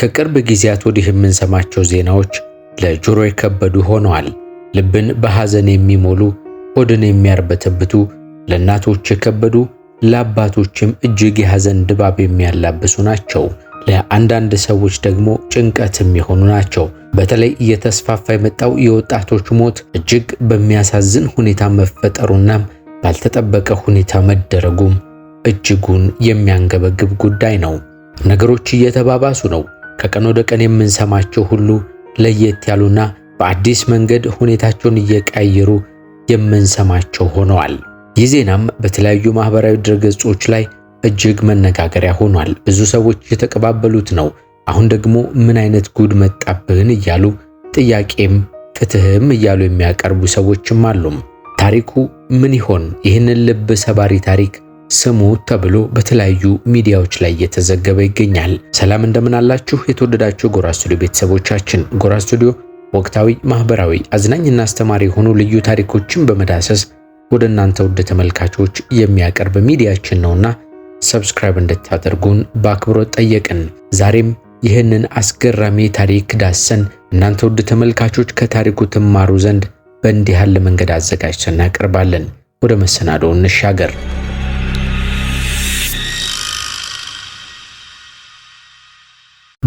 ከቅርብ ጊዜያት ወዲህ የምንሰማቸው ዜናዎች ለጆሮ የከበዱ ሆነዋል። ልብን በሐዘን የሚሞሉ፣ ሆድን የሚያርበተብቱ፣ ለእናቶች የከበዱ ለአባቶችም እጅግ የሐዘን ድባብ የሚያላብሱ ናቸው። ለአንዳንድ ሰዎች ደግሞ ጭንቀትም የሆኑ ናቸው። በተለይ እየተስፋፋ የመጣው የወጣቶች ሞት እጅግ በሚያሳዝን ሁኔታ መፈጠሩና ባልተጠበቀ ሁኔታ መደረጉም እጅጉን የሚያንገበግብ ጉዳይ ነው። ነገሮች እየተባባሱ ነው። ከቀን ወደ ቀን የምንሰማቸው ሁሉ ለየት ያሉና በአዲስ መንገድ ሁኔታቸውን እየቀያየሩ የምንሰማቸው ሆነዋል። ይህ ዜናም በተለያዩ ማህበራዊ ድረገጾች ላይ እጅግ መነጋገሪያ ሆኗል። ብዙ ሰዎች እየተቀባበሉት ነው። አሁን ደግሞ ምን አይነት ጉድ መጣብህን እያሉ ጥያቄም ፍትህም እያሉ የሚያቀርቡ ሰዎችም አሉም። ታሪኩ ምን ይሆን? ይህንን ልብ ሰባሪ ታሪክ ስሙ ተብሎ በተለያዩ ሚዲያዎች ላይ እየተዘገበ ይገኛል። ሰላም እንደምናላችሁ የተወደዳችሁ ጎራ ስቱዲዮ ቤተሰቦቻችን፣ ጎራ ስቱዲዮ ወቅታዊ፣ ማህበራዊ፣ አዝናኝና አስተማሪ የሆኑ ልዩ ታሪኮችን በመዳሰስ ወደ እናንተ ውድ ተመልካቾች የሚያቀርብ ሚዲያችን ነውና ሰብስክራይብ እንድታደርጉን በአክብሮት ጠየቅን። ዛሬም ይህንን አስገራሚ ታሪክ ዳሰን እናንተ ውድ ተመልካቾች ከታሪኩ ትማሩ ዘንድ በእንዲህ ያለ መንገድ አዘጋጅተን እናቀርባለን። ወደ መሰናዶ እንሻገር።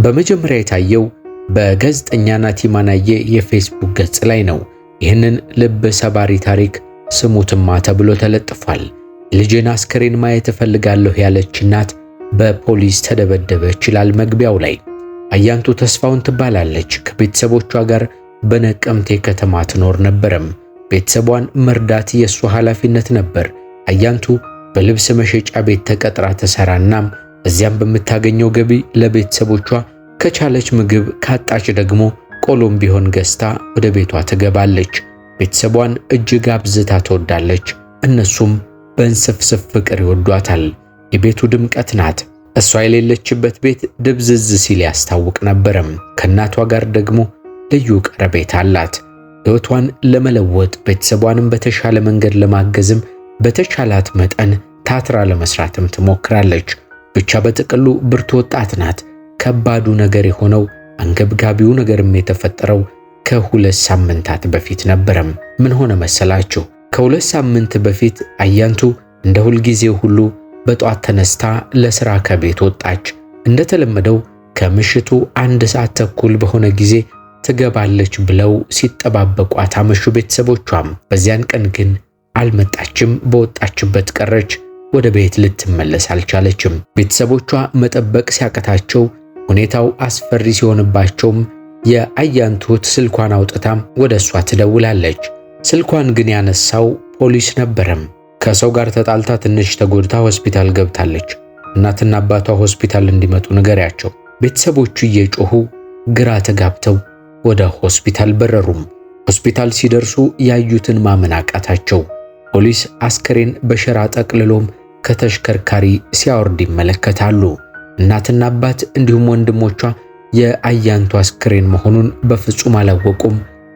በመጀመሪያ የታየው በጋዜጠኛና ቲማናዬ የፌስቡክ ገጽ ላይ ነው። ይህንን ልብ ሰባሪ ታሪክ ስሙትማ ተብሎ ተለጥፏል። ልጄን አስከሬን ማየት እፈልጋለሁ ያለች እናት በፖሊስ ተደበደበች ይላል መግቢያው ላይ። አያንቱ ተስፋውን ትባላለች። ከቤተሰቦቿ ጋር በነቀምቴ ከተማ ትኖር ነበረም። ቤተሰቧን መርዳት የእሷ ኃላፊነት ነበር። አያንቱ በልብስ መሸጫ ቤት ተቀጥራ ተሰራናም እዚያም በምታገኘው ገቢ ለቤተሰቦቿ ከቻለች ምግብ፣ ካጣች ደግሞ ቆሎም ቢሆን ገዝታ ወደ ቤቷ ትገባለች። ቤተሰቧን እጅግ አብዝታ ትወዳለች። እነሱም በእንስፍስፍ ፍቅር ይወዷታል። የቤቱ ድምቀት ናት። እሷ የሌለችበት ቤት ድብዝዝ ሲል ያስታውቅ ነበረም። ከእናቷ ጋር ደግሞ ልዩ ቀረቤታ አላት። ሕይወቷን ለመለወጥ ቤተሰቧንም በተሻለ መንገድ ለማገዝም በተቻላት መጠን ታትራ ለመስራትም ትሞክራለች። ብቻ በጥቅሉ ብርቱ ወጣት ናት። ከባዱ ነገር የሆነው አንገብጋቢው ነገርም የተፈጠረው ከሁለት ሳምንታት በፊት ነበረም። ምን ሆነ መሰላችሁ? ከሁለት ሳምንት በፊት አያንቱ እንደ ሁልጊዜ ሁሉ በጧት ተነስታ ለስራ ከቤት ወጣች። እንደተለመደው ከምሽቱ አንድ ሰዓት ተኩል በሆነ ጊዜ ትገባለች ብለው ሲጠባበቋት አመሹ ቤተሰቦቿም። በዚያን ቀን ግን አልመጣችም፣ በወጣችበት ቀረች። ወደ ቤት ልትመለስ አልቻለችም። ቤተሰቦቿ መጠበቅ ሲያቀታቸው ሁኔታው አስፈሪ ሲሆንባቸውም የአያንቱት ስልኳን አውጥታም ወደ እሷ ትደውላለች። ስልኳን ግን ያነሳው ፖሊስ ነበረም። ከሰው ጋር ተጣልታ ትንሽ ተጎድታ ሆስፒታል ገብታለች። እናትና አባቷ ሆስፒታል እንዲመጡ ንገሪያቸው። ቤተሰቦቹ እየጮሁ ግራ ተጋብተው ወደ ሆስፒታል በረሩም። ሆስፒታል ሲደርሱ ያዩትን ማመን አቃታቸው። ፖሊስ አስከሬን በሸራ ጠቅልሎም ከተሽከርካሪ ሲያወርድ ይመለከታሉ። እናትና አባት እንዲሁም ወንድሞቿ የአያንቱ አስክሬን መሆኑን በፍጹም አላወቁም፣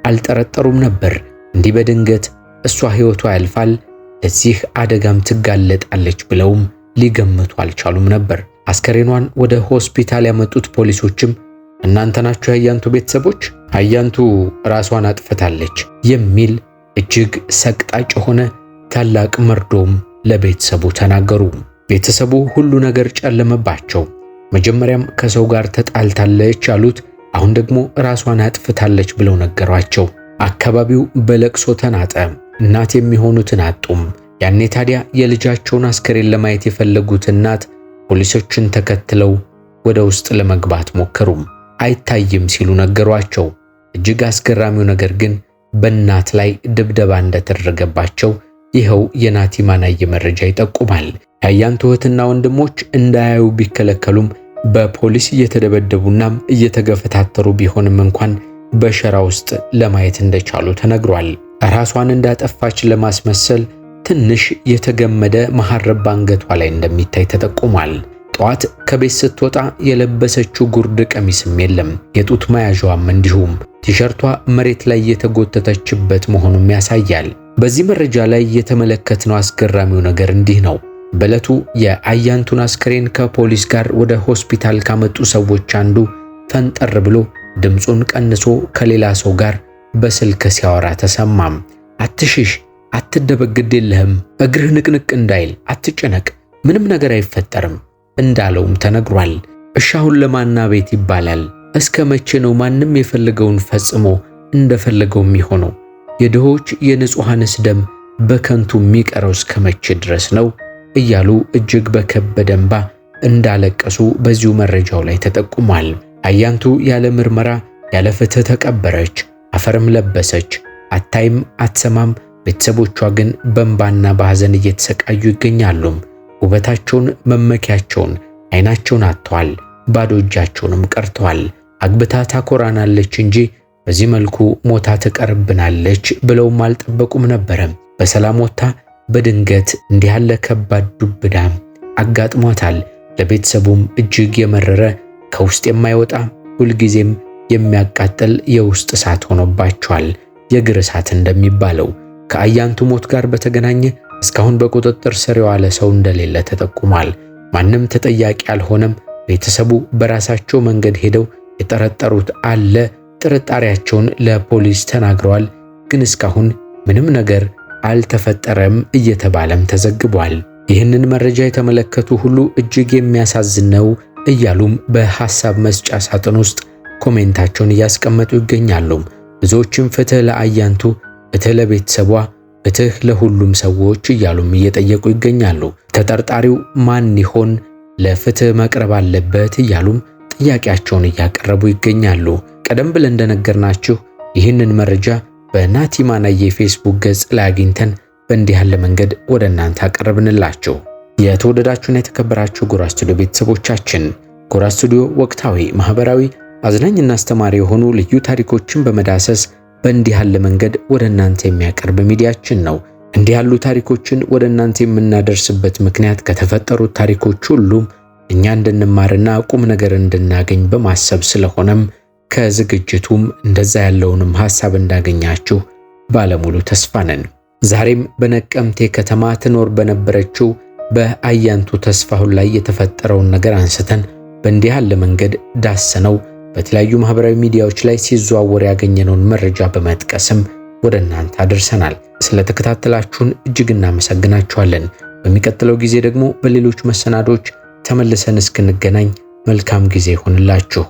አልጠረጠሩም ነበር። እንዲህ በድንገት እሷ ሕይወቷ ያልፋል፣ ለዚህ አደጋም ትጋለጣለች ብለውም ሊገምቱ አልቻሉም ነበር። አስከሬኗን ወደ ሆስፒታል ያመጡት ፖሊሶችም እናንተ ናችሁ የአያንቱ ቤተሰቦች፣ አያንቱ ራሷን አጥፍታለች የሚል እጅግ ሰቅጣጭ የሆነ ታላቅ መርዶም ለቤተሰቡ ተናገሩ። ቤተሰቡ ሁሉ ነገር ጨለመባቸው። መጀመሪያም ከሰው ጋር ተጣልታለች አሉት። አሁን ደግሞ ራሷን አጥፍታለች ብለው ነገሯቸው። አካባቢው በለቅሶ ተናጠ። እናት የሚሆኑትን አጡም። ያኔ ታዲያ የልጃቸውን አስከሬን ለማየት የፈለጉት እናት ፖሊሶችን ተከትለው ወደ ውስጥ ለመግባት ሞከሩም። አይታይም ሲሉ ነገሯቸው። እጅግ አስገራሚው ነገር ግን በእናት ላይ ድብደባ እንደተደረገባቸው ይኸው የናቲ ማናዬ መረጃ ይጠቁማል። የአያንቱ እህትና ወንድሞች እንዳያዩ ቢከለከሉም በፖሊስ እየተደበደቡና እየተገፈታተሩ ቢሆንም እንኳን በሸራ ውስጥ ለማየት እንደቻሉ ተነግሯል። ራሷን እንዳጠፋች ለማስመሰል ትንሽ የተገመደ መሐረብ በአንገቷ ላይ እንደሚታይ ተጠቁሟል። ጠዋት ከቤት ስትወጣ የለበሰችው ጉርድ ቀሚስም የለም፣ የጡት መያዣዋም እንዲሁም ቲሸርቷ መሬት ላይ የተጎተተችበት መሆኑም ያሳያል። በዚህ መረጃ ላይ የተመለከትነው አስገራሚው ነገር እንዲህ ነው። በዕለቱ የአያንቱን አስክሬን ከፖሊስ ጋር ወደ ሆስፒታል ካመጡ ሰዎች አንዱ ፈንጠር ብሎ ድምፁን ቀንሶ ከሌላ ሰው ጋር በስልክ ሲያወራ ተሰማም። አትሽሽ፣ አትደበግድ የለህም እግርህ ንቅንቅ እንዳይል አትጨነቅ፣ ምንም ነገር አይፈጠርም እንዳለውም ተነግሯል። እሻሁን ለማና ቤት ይባላል። እስከ መቼ ነው ማንም የፈለገውን ፈጽሞ እንደፈለገው የሚሆነው? የድሆች የንጹሐንስ ደም በከንቱ የሚቀረው እስከ መቼ ድረስ ነው? እያሉ እጅግ በከበደ እንባ እንዳለቀሱ በዚሁ መረጃው ላይ ተጠቁሟል። አያንቱ ያለ ምርመራ ያለ ፍትህ ተቀበረች፣ አፈርም ለበሰች። አታይም፣ አትሰማም። ቤተሰቦቿ ግን በእንባና በሐዘን እየተሰቃዩ ይገኛሉ። ውበታቸውን፣ መመኪያቸውን፣ አይናቸውን አጥተዋል። ባዶ እጃቸውንም ቀርተዋል። አግብታ ታኮራናለች እንጂ በዚህ መልኩ ሞታ ትቀርብናለች ብለውም አልጠበቁም ነበረም። በሰላም ወጥታ በድንገት እንዲህ ያለ ከባድ ዱብዳ አጋጥሟታል። ለቤተሰቡም እጅግ የመረረ ከውስጥ የማይወጣ ሁልጊዜም የሚያቃጥል የውስጥ እሳት ሆኖባቸዋል። የእግር እሳት እንደሚባለው ከአያንቱ ሞት ጋር በተገናኘ እስካሁን በቁጥጥር ስር የዋለ ሰው እንደሌለ ተጠቁሟል። ማንም ተጠያቂ አልሆነም። ቤተሰቡ በራሳቸው መንገድ ሄደው የጠረጠሩት አለ ጥርጣሬያቸውን ለፖሊስ ተናግረዋል። ግን እስካሁን ምንም ነገር አልተፈጠረም እየተባለም ተዘግቧል። ይህንን መረጃ የተመለከቱ ሁሉ እጅግ የሚያሳዝን ነው እያሉም በሐሳብ መስጫ ሳጥን ውስጥ ኮሜንታቸውን እያስቀመጡ ይገኛሉ። ብዙዎችም ፍትህ ለአያንቱ፣ ፍትህ ለቤተሰቧ፣ ፍትህ ለሁሉም ሰዎች እያሉም እየጠየቁ ይገኛሉ። ተጠርጣሪው ማን ይሆን? ለፍትህ መቅረብ አለበት እያሉም ጥያቄያቸውን እያቀረቡ ይገኛሉ። ቀደም ብለን እንደነገርናችሁ ይህንን መረጃ በናቲማ ናዬ የፌስቡክ ገጽ ላይ አግኝተን በእንዲህ ያለ መንገድ ወደ እናንተ አቀረብንላችሁ። የተወደዳችሁና የተከበራችሁ ጎራ ስቱዲዮ ቤተሰቦቻችን ጎራ ስቱዲዮ ወቅታዊ፣ ማህበራዊ፣ አዝናኝና አስተማሪ የሆኑ ልዩ ታሪኮችን በመዳሰስ በእንዲህ ያለ መንገድ ወደ እናንተ የሚያቀርብ ሚዲያችን ነው። እንዲህ ያሉ ታሪኮችን ወደ እናንተ የምናደርስበት ምክንያት ከተፈጠሩት ታሪኮች ሁሉም እኛ እንድንማርና ቁም ነገር እንድናገኝ በማሰብ ስለሆነም ከዝግጅቱም እንደዛ ያለውንም ሐሳብ እንዳገኛችሁ ባለሙሉ ተስፋ ነን። ዛሬም በነቀምቴ ከተማ ትኖር በነበረችው በአያንቱ ተስፋሁን ላይ የተፈጠረውን ነገር አንስተን በእንዲህ ያለ መንገድ ዳሰነው። በተለያዩ ማህበራዊ ሚዲያዎች ላይ ሲዘዋወር ያገኘነውን መረጃ በመጥቀስም ወደ እናንተ አድርሰናል። ስለተከታተላችሁን እጅግ እናመሰግናችኋለን። በሚቀጥለው ጊዜ ደግሞ በሌሎች መሰናዶች ተመልሰን እስክንገናኝ መልካም ጊዜ ይሁንላችሁ።